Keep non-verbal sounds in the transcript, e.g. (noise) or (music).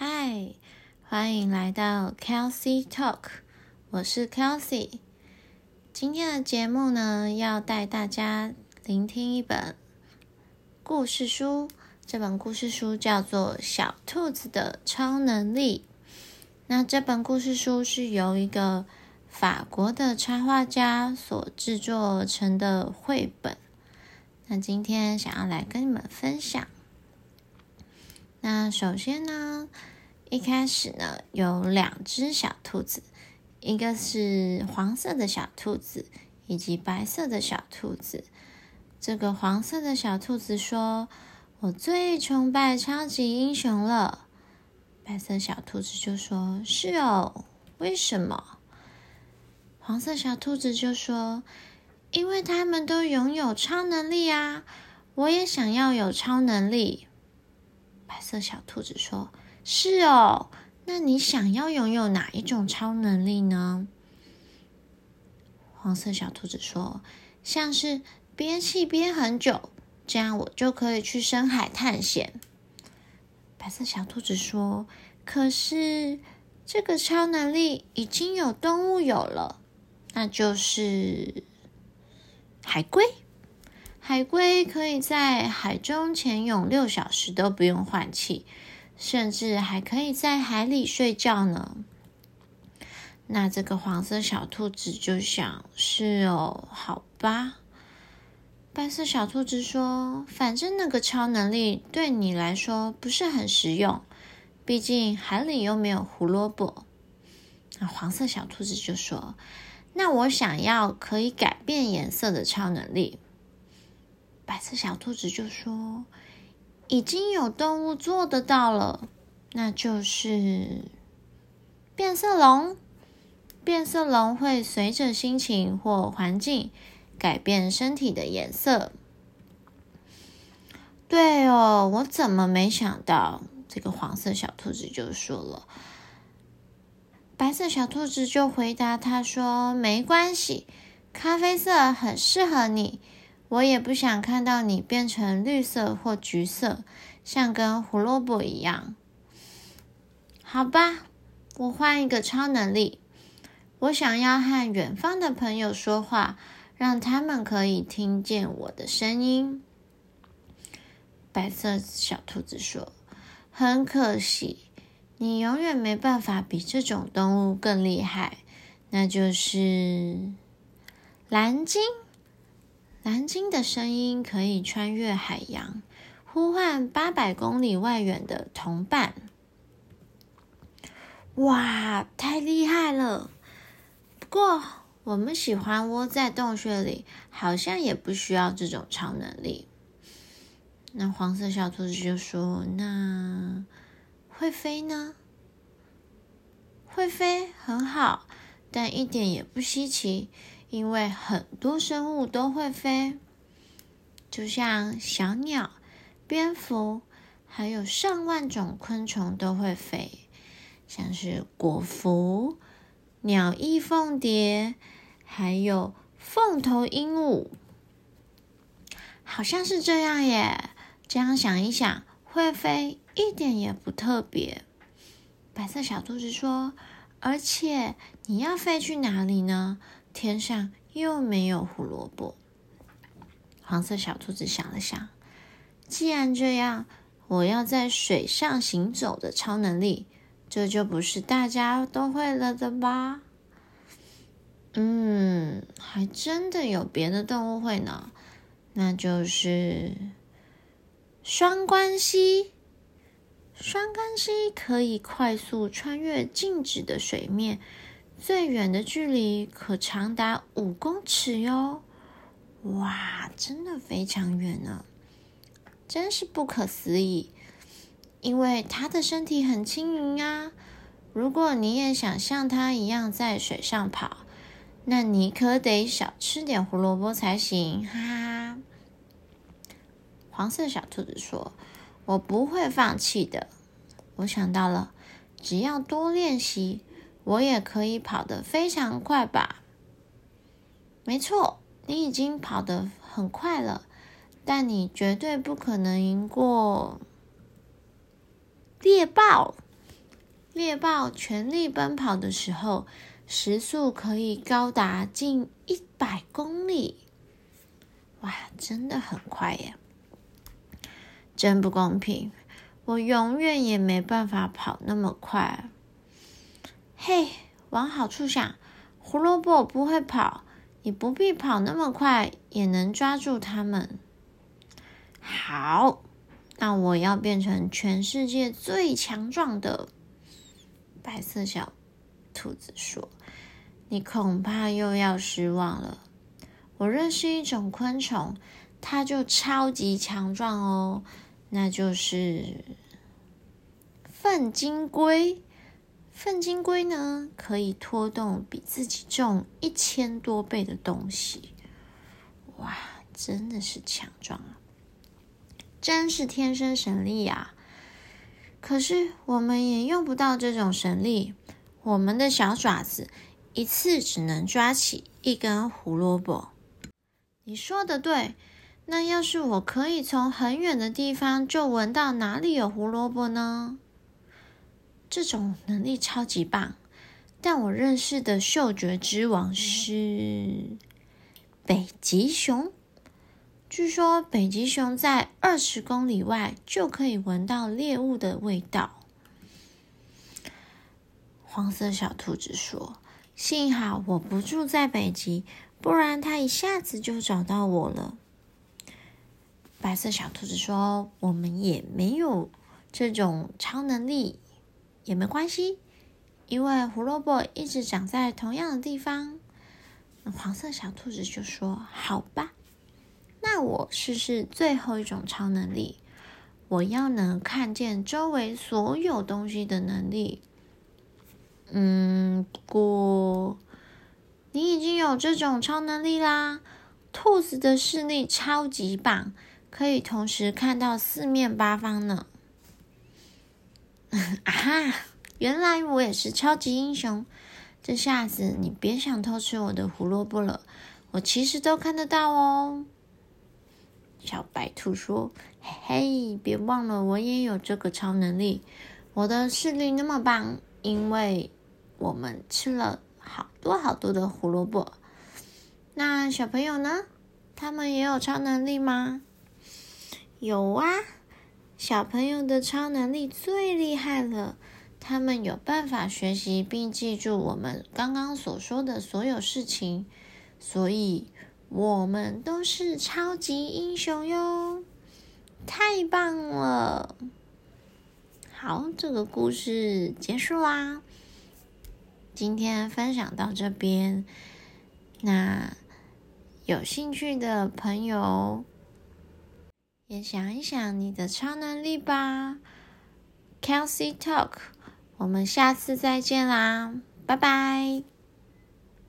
嗨，Hi, 歡迎來到 Kelsey Talk，我是 Kelsey。今天的節目呢，要帶大家聆聽一本故事書。這本故事書叫做《小兔子的超能力》。那這本故事書是由一個法國的插畫家所製作成的繪本。那今天想要來跟你們分享。那首先呢，一開始呢，有兩隻小兔子，一個是黃色的小兔子，以及白色的小兔子。這個黃色的小兔子說：“我最崇拜超級英雄了。”白色小兔子就說：“是哦，為什麼？”黃色小兔子就說：“因為他們都擁有超能力啊！我也想要有超能力。”白色小兔子說：“是哦，那你想要擁有哪一種超能力呢？”黃色小兔子說：“像是憋氣憋很久，這樣我就可以去深海探險。”白色小兔子說：“可是這個超能力已經有動物有了，那就是海龜。”海龜可以在海中潛泳六小時都不用換氣，甚至還可以在海裡睡覺呢。那這個黃色小兔子就想：“是哦，好吧。”白色小兔子說：“反正那個超能力對你來說不是很實用，畢竟海裡又沒有胡蘿蔔。”啊，那黃色小兔子就說：“那我想要可以改變顏色的超能力。”白色小兔子就說：“已經有動物做得到了，那就是變色龍。變色龍會隨着心情或環境改變身體的顏色。”對哦，我怎麼沒想到？這個黃色小兔子就說了，白色小兔子就回答他說：“沒關係，咖啡色很適合你。”我也不想看到你變成綠色或橘色，像根胡蘿蔔一樣。好吧，我換一個超能力。我想要和遠方的朋友說話，讓他們可以聽見我的聲音。白色小兔子說：“很可惜，你永遠沒辦法比這種動物更厲害，那就是藍鯨。”藍鯨的聲音可以穿越海洋，呼喚八百公里外遠的同伴。哇，太厲害了！不過我們喜歡窩在洞穴裡，好像也不需要這種超能力。那黃色小兔子就說：“那會飛呢？會飛很好，但一點也不稀奇。”因為很多生物都會飛，就像小鳥、蝙蝠，還有上萬種昆蟲都會飛，像是果蝠、鳥翼鳳蝶，還有鳳頭鸚鵡，好像是這樣耶。這樣想一想，會飛一點也不特別。白色小兔子說：“而且你要飛去哪裡呢？”天上又沒有胡蘿蔔。黃色小兔子想了想，既然這樣，我要在水上行走的超能力，這就不是大家都會了的吧？嗯，還真的有別的動物會呢，那就是雙冠蜥。雙冠蜥可以快速穿越靜止的水面。最遠的距離可長達五公尺喲、哦！哇，真的非常遠呢、啊，真是不可思議！因為它的身體很輕盈啊。如果你也想像它一樣在水上跑，那你可得少吃點胡蘿蔔才行，哈哈。黃色小兔子說：“我不會放棄的。我想到了，只要多練習。”我也可以跑得非常快吧？沒錯，你已經跑得很快了，但你絕對不可能贏過獵豹。獵豹全力奔跑的時候，時速可以高達近一百公里。哇，真的很快耶！真不公平，我永遠也沒辦法跑那麼快。嘿，hey, 往好處想，胡蘿蔔不會跑，你不必跑那麼快也能抓住它們。好，那我要變成全世界最強壯的白色小兔子。說，你恐怕又要失望了。我認識一種昆蟲，它就超級強壯哦，那就是糞金龜。糞金龜呢，可以拖動比自己重一千多倍的東西，哇，真的是強壯啊！真是天生神力呀！可是我們也用不到這種神力，我們的小爪子一次只能抓起一根胡蘿蔔。你說的對，那要是我可以從很遠的地方就聞到哪裡有胡蘿蔔呢？這種能力超級棒，但我認識的嗅覺之王是北極熊。據說北極熊在二十公里外就可以聞到獵物的味道。黃色小兔子說：“幸好我不住在北極，不然它一下子就找到我了。”白色小兔子說：“我們也沒有這種超能力。”也沒關係，因為胡蘿蔔一直長在同樣的地方。黃色小兔子就說：“好吧，那我試試最後一種超能力，我要能看見周圍所有東西的能力。”嗯，不過，你已經有這種超能力啦！兔子的視力超級棒，可以同時看到四面八方呢。啊！ (laughs) 原來我也是超級英雄，這下子你別想偷吃我的胡蘿蔔了。我其實都看得到哦。小白兔說：“嘿，嘿，別忘了我也有這個超能力，我的視力那麼棒，因為我們吃了好多好多的胡蘿蔔。”那小朋友呢？他們也有超能力嗎？有啊。小朋友的超能力最厲害了，他們有辦法學習並記住我們剛剛所說的所有事情，所以我們都是超級英雄喲！太棒了！好，這個故事結束啦。今天分享到這邊，那有興趣的朋友。也想一想你的超能力吧，Kelsey Talk，我們下次再見啦，拜拜。